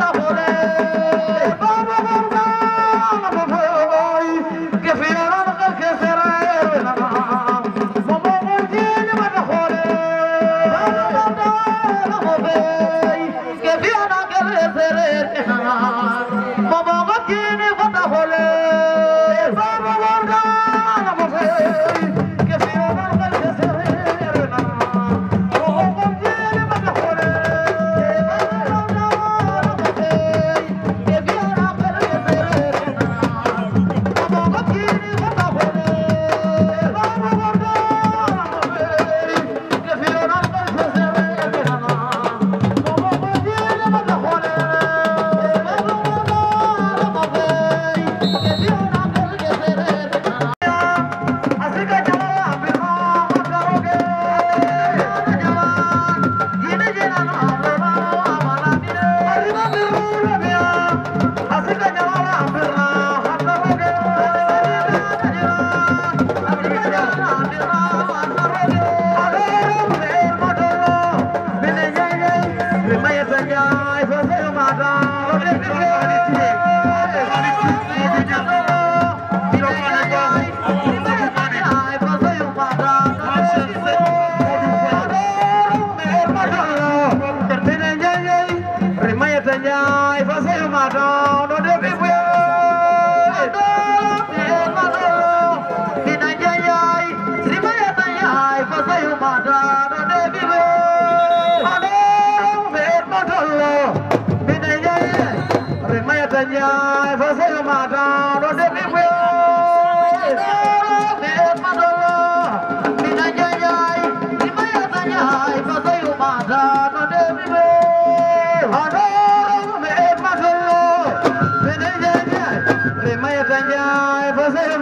না বলে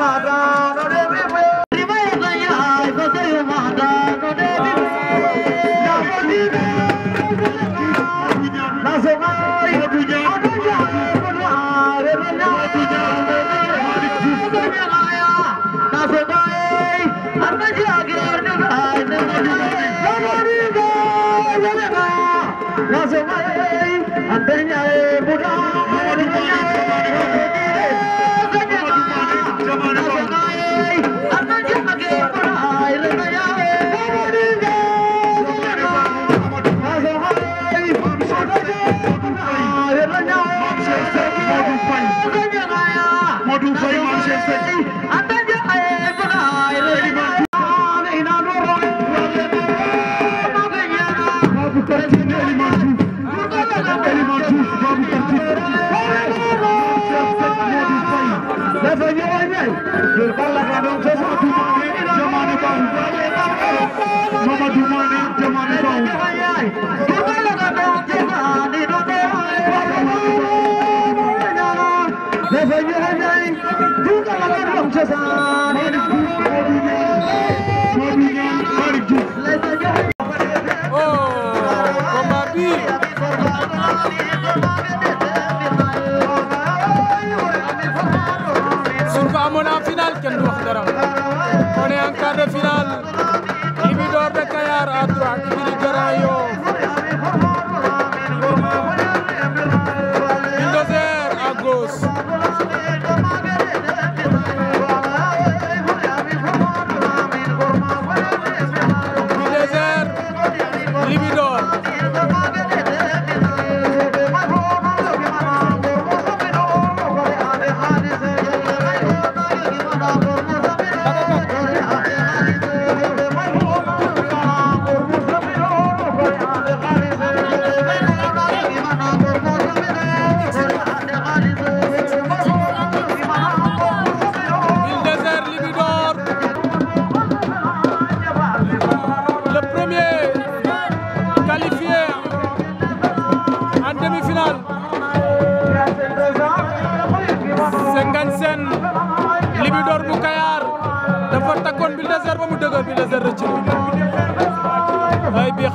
Mata Apeña de Burán boobu tartib ne Elimane Diouf Elimane Diouf boobu tartib dafa ñëw a ñëw jël bal la ka doon Mamadou Mané Diamané Babou Mamadou Mané Diamané Babou dafa ñëw a ñëw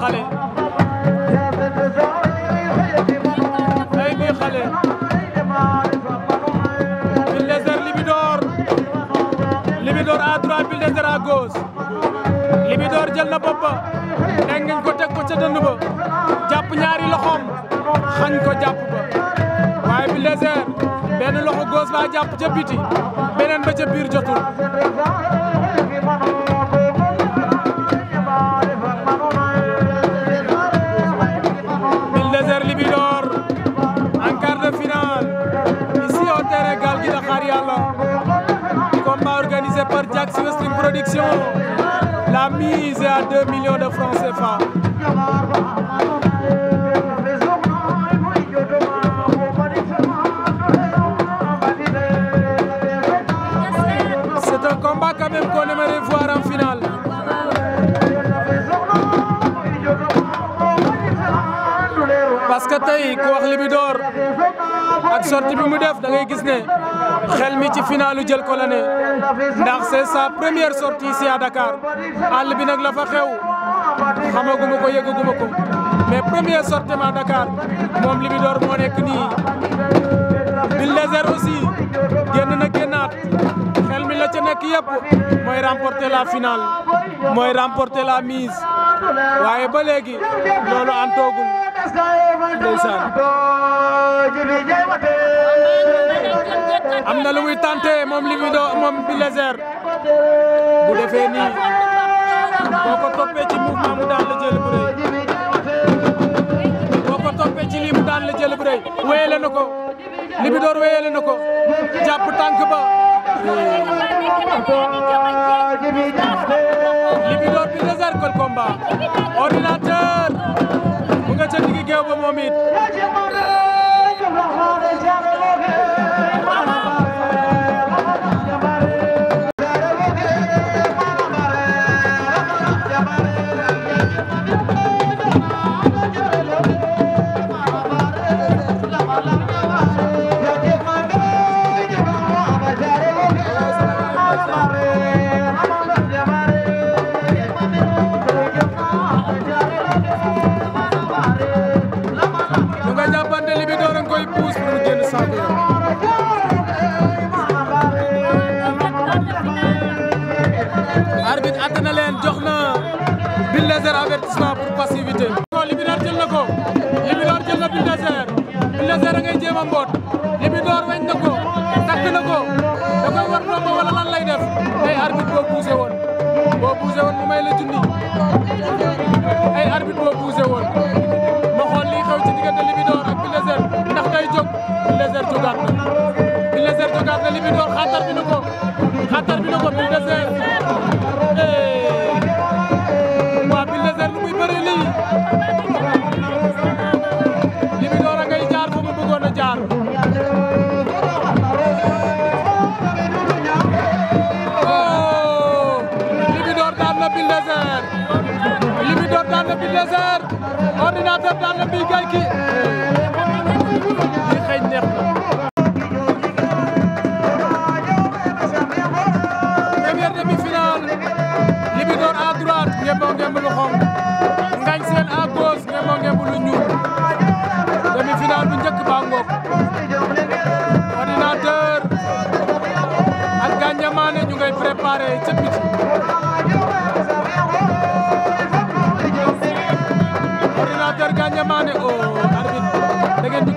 xale tey muy xale Buldozer Libidor Libidor jël na bopp ba nengeñ ko teg ko ca dënd ba jàpp ñaari loxoom xañ ko jàpp ba waaye Buldozer benn loxo gauche ba jàpp ca beneen ba ca biir sélection. La mise est à 2 millions de francs CFA. C'est un combat quand même voir en finale. Parce que tey ku wax Libidor ak sortie bi mu def da ngay gis xel mi ci finalu jël ko la ne ndax c'est sa première sortie ici à Dakar la fa xew xamaguma ko yëgaguma ko mais première sortie à Dakar moom Libidor moo nekk nii Bulldozer aussi génn na génnaat xel mi la ca nekk yëpp mooy remporter la finale mooy remporter la mise waaye ba léegi loolu antoogul am na lu muy tenté moom Libido moom bi Bulldozer bu defee nii boo ko toppee mu daan la jël bu rëy ko toppee ci mu daan la jël bu rëy ko Libido wéyale na ko jàpp tànk ba Libido mu nga ca digg géew ba moom arbitre àtte na leen jox na Bulldozer avertissement pour passivité. Libidor jël na ko Libidor jël na Bulldozer Bulldozer a ngay jéem a mboot weñ na ko takk na ko da war ndombo wala lan lay def ay arbitre boo bougé woon boo bougé woon mu may la junni ay arbitre boo bougé woon ma xool lii xew ci diggante Libidor ak Bulldozer ndax day jóg Bulldozer na Bulldozer jógaat na Libidor xatar bi na ko xatar bi na ko Bulldozer le Mille des Heures ordinateur daan na Mille Gaye ki li neex na première demi-finale Libidor à droite ngemboo ngemb lu xonq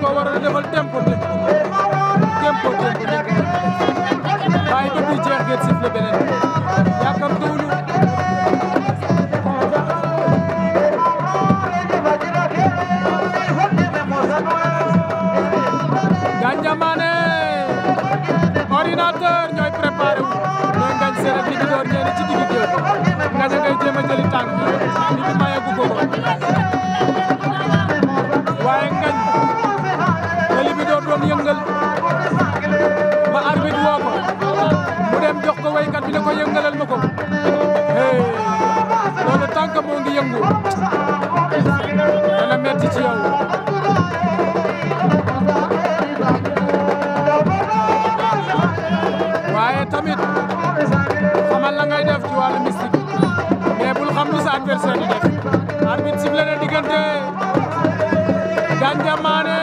ko waroon a defal tempo tempo tempo tempo waaye depuis jeex ngeen sifflé beneen bi da ko yëngalal na ko hey loolu tànk moo ngi yëngu dana metti ci yow waaye tamit xamal la ngay def ci wàllu mystique mais bul xam lu sa adversaire def arbitre sifflé na diggante Gandia Mané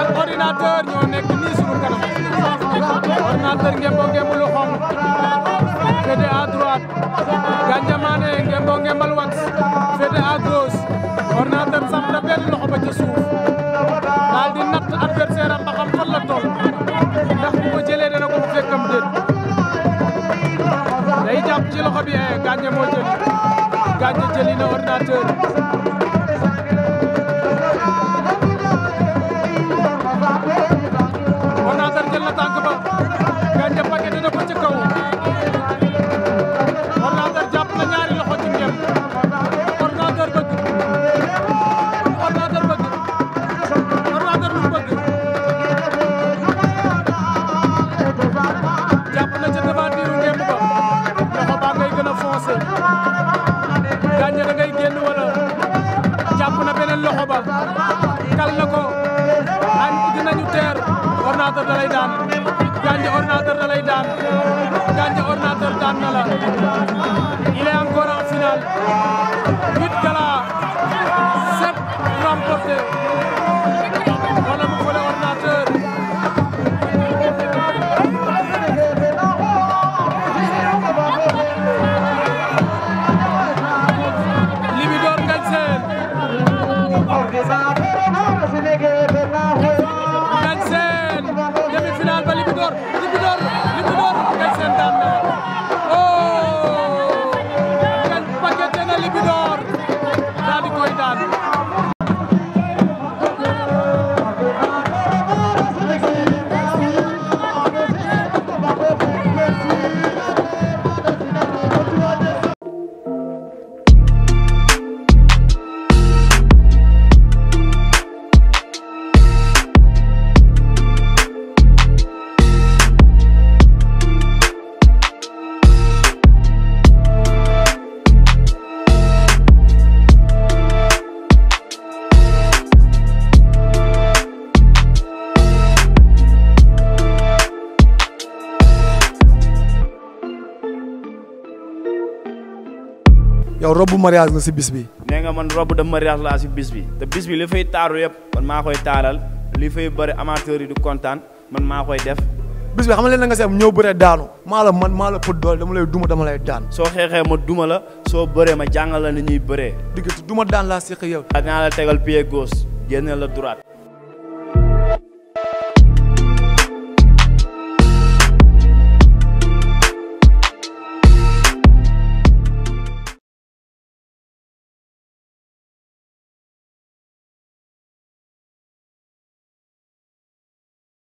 ak ordinateur ñoo nekk nii sunu kanam ordinateur ngeen boog droite Gandia Mané ngeen boo ngeen mbal wax féete à gauche Ordinateur samp na benn loxo ba ca suuf daal di natt a am ba la toll ndax bu ko jëlee dana ko fekkam déet day jàpp ci loxo bi eh, Gandia moo jëli Gandia jëli na Ordinateur da lay daan Gandia Ordinateur daan na la il est encore en finale door yow robbu mariage nga si bis bi. nee nga man robbu de mariage laa si bis bi te bis bi li fay taaru yëpp man maa koy taaral li fay bëri amateurs yi du kontaan man maa koy def. bis bi xam nga leen nga si am ñëw bëree daanu maa la man maa la pët doole dama lay duma dama lay daan. soo xeexee ma duma la soo baree ma jàngal la ni ñuy bëree. digg duma daan laa seq yow. dinaa la tegal pied gos génne la droite.